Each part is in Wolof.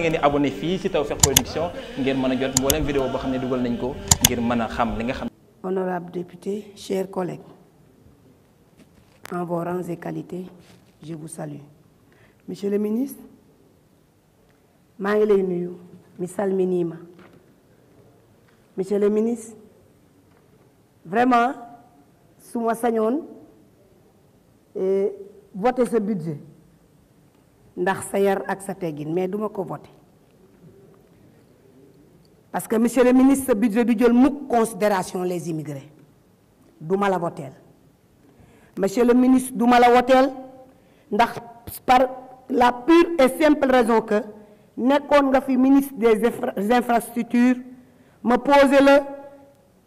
ngeen di abonné fii ci Tawfekh Production ngeen mën a jot mboolem vidéo boo xam ne dugal nañ ko ngir mën a xam li nga xam. honorable député chers collègues en vos rangs qualité qualités je vous salue monsieur le ministre maa ngi lay nuyu missal mi nii ma monsieur le ministre vraiment su ma sañoon eh, voter sa budget ndax sa yar ak sa teggin mais duma ko voté parce que monsieur le ministre budget du jël mukk considération les immigrés duma la woteel monsieur le ministre duma la woteel ndax par la pure et simple raison que nekkoon nga fi ministre des infrastructures ma posé la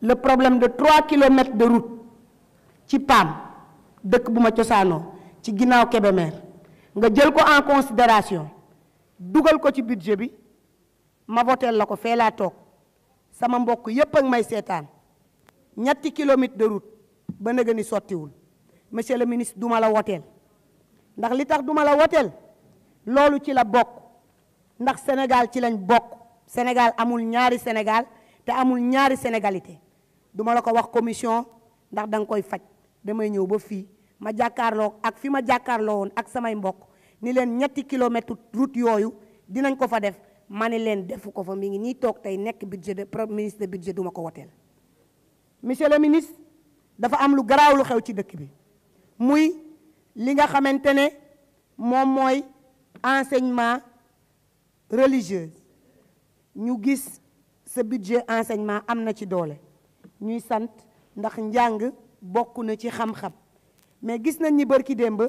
le problème de trois kilomètres de route ci PAM dëkk bu ma cosaanoo ci ginnaaw Kébémer nga jël ko en considération dugal ko ci budget bi ma voteel la ko fee laa toog sama mbokk yépp ak may seetaan ñetti kilomètre de route ba nëga sottiwul monsieur le ministre duma la woteel ndax li tax duma la woteel loolu ci la bokk ndax Sénégal ci lañ bokk Sénégal amul ñaari Sénégal te amul ñaari sénégalité duma la ko wax commission ndax da nga koy faj damay ñëw ba fii ma jàkkaarloo ak fi ma jàkkaarloo woon ak samay mbokk ni leen ñetti kilomètre route yooyu dinañ ko fa def ma ne leen defu ko fa mi ngi nii toog tey nekk budget de premier ministre de budget duma ko woteel monsieur le ministre dafa am lu garaaw lu xew ci dëkk bi muy li nga xamante ne moom mooy enseignement religieux ñu gis sa budget enseignement am na ci doole ñuy sant ndax njàng bokk na ci xam-xam mais gis nañ ni bërki démb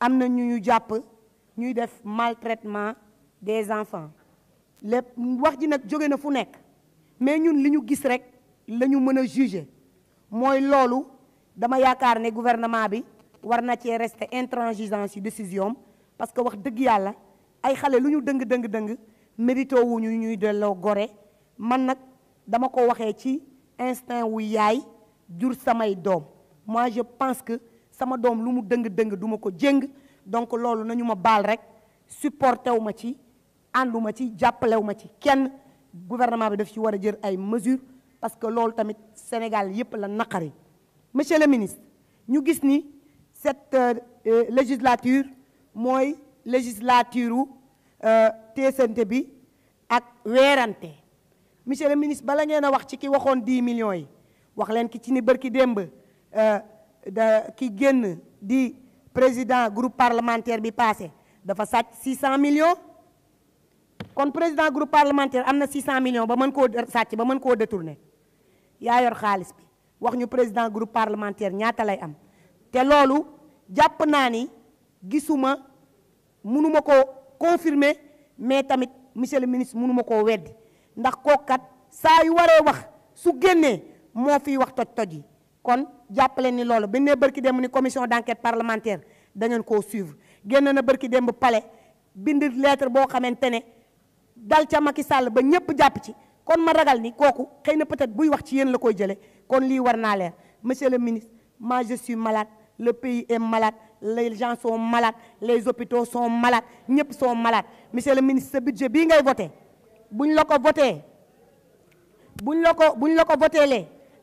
am na ñu ñu jàpp ñuy def maltraitement des enfants lépp wax ji nag jóge na fu nekk mais ñun li ñu gis rek la ñu mën a juger mooy loolu dama yaakaar ne gouvernement bi war na cee rester intransigeant ci décision parce que wax dëgg yàlla ay xale lu ñu dëng dëng dëng mérito wu ñu ñuy delloo gore man nag dama ko waxee ci instant wu yaay jur samay doom moi je pense que sama doom lu mu dëng-dëng duma ko jéng donc loolu nañu ma baal rek supporté wu ma ci àndu ma ci jàppalewu ma ci kenn gouvernement bi def ci war a jël ay mesures parce que loolu tamit Sénégal yépp la naqari monsieur le ministre ñu gis ni cette euh, euh, législature mooy législature u euh, teesante bi ak weerante monsieur le ministre bala ngeen a wax ci ki waxoon 10 millions yi wax leen ki ci ni bërki démb da ki génn di président groupe parlementaire bi passé dafa sàcc cent millions kon président groupe parlementaire am na cent millions ba mën koo sàcc ba man koo détourné yaa yor xaalis bi wax ñu président groupe parlementaire ñaata lay am te loolu jàpp naa ni gisuma mënuma ko confirmer mais tamit monsieur le ministre mënuma koo weddi ndax kookat saa yu waree wax su génnee moo fiy wax toj-toj yi kon jàppale ni loolu bi ne dem démb ni commission d'enquête parlementaire dañu koo suivre génn na bërki dem démb palais bind lettre boo xamante ne dal ca Macky ba ñëpp jàpp ci kon ma ragal ni kooku xëy na peut-être buy wax ci yéen la koy jëlee kon lii war naa leer monsieur le ministre moi je suis malade le pays est malade les gens sont malades les hôpitaux sont malades ñëpp sont malades monsieur le ministre sa budget bii ngay voté buñ la ko voté buñ la ko buñ la ko voté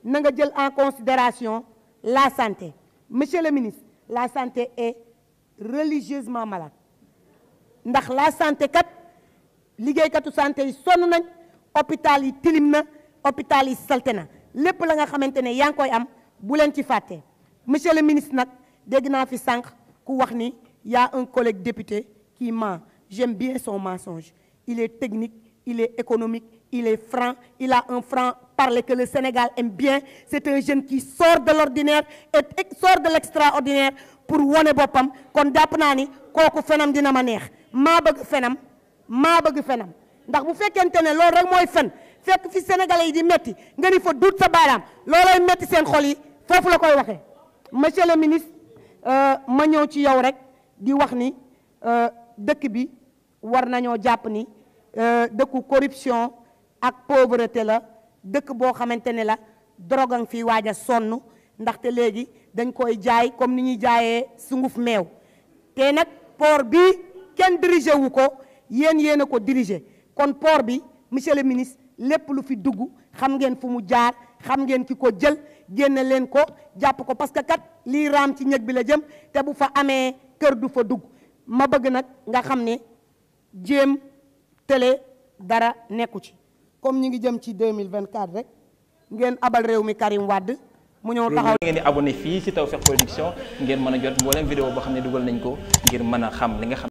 na nga jël en considération la santé monsieur le ministre la santé est religieusement malade ndax la santé kat liggéeykatu santé yi sonn nañ hôpital yi tilim na hôpital yi salte na lépp la nga xamante ne yaa ngi koy am bu leen ci fàtte monsieur le ministre nag dégg naa fi sànq ku wax ni y un collègue député qui ment j'aime bien son mensonge il est technique il est économique, il est franc, il a un franc parler que le Sénégal aime bien. C'est un jeune qui sort de l'ordinaire et sort de l'extraordinaire pour wone boppam kon jàpp naa ni kooku fenam dina ma neex maa bëgg fenam maa bëgg fenam ndax bu fekkente ne loolu rek mooy fen fekk fi sénégalais yi di metti nga ni fa duut sa baaraam loolay metti seen xol yi foofu la koy waxee monsieur le ministre euh, ma ñëw ci yow rek di wax ni euh, dëkk bi war nañoo jàpp ni Euh, dëkku corruption ak pauvreté la dëkk boo xamante ne la drogue fi waaja a sonn ndaxte léegi dañ koy jaay comme ni ñuy jaayee sunguf meew te nag port bi kenn dirigé wu ko yéen yéen a ko dirigé kon port bi monsieur le ministre lépp lu fi dugg xam ngeen fu mu jaar xam ngeen ki ko jël génne leen ko jàpp ko parce que kat lii raam ci ñëg bi la jëm te bu fa amee kër du fa dugg ma bëgg nag nga xam ne jéem télé dara nekku ci comme ñi ngi jëm ci 2024 rek ngeen abal réew mi Karim Wade mu ñëw taxaw ngeen di abonné fii ci Tawfekh Production ngeen mën a jot mboolem vidéo boo xam ne dugal nañ ko ngir mën a xam li nga xam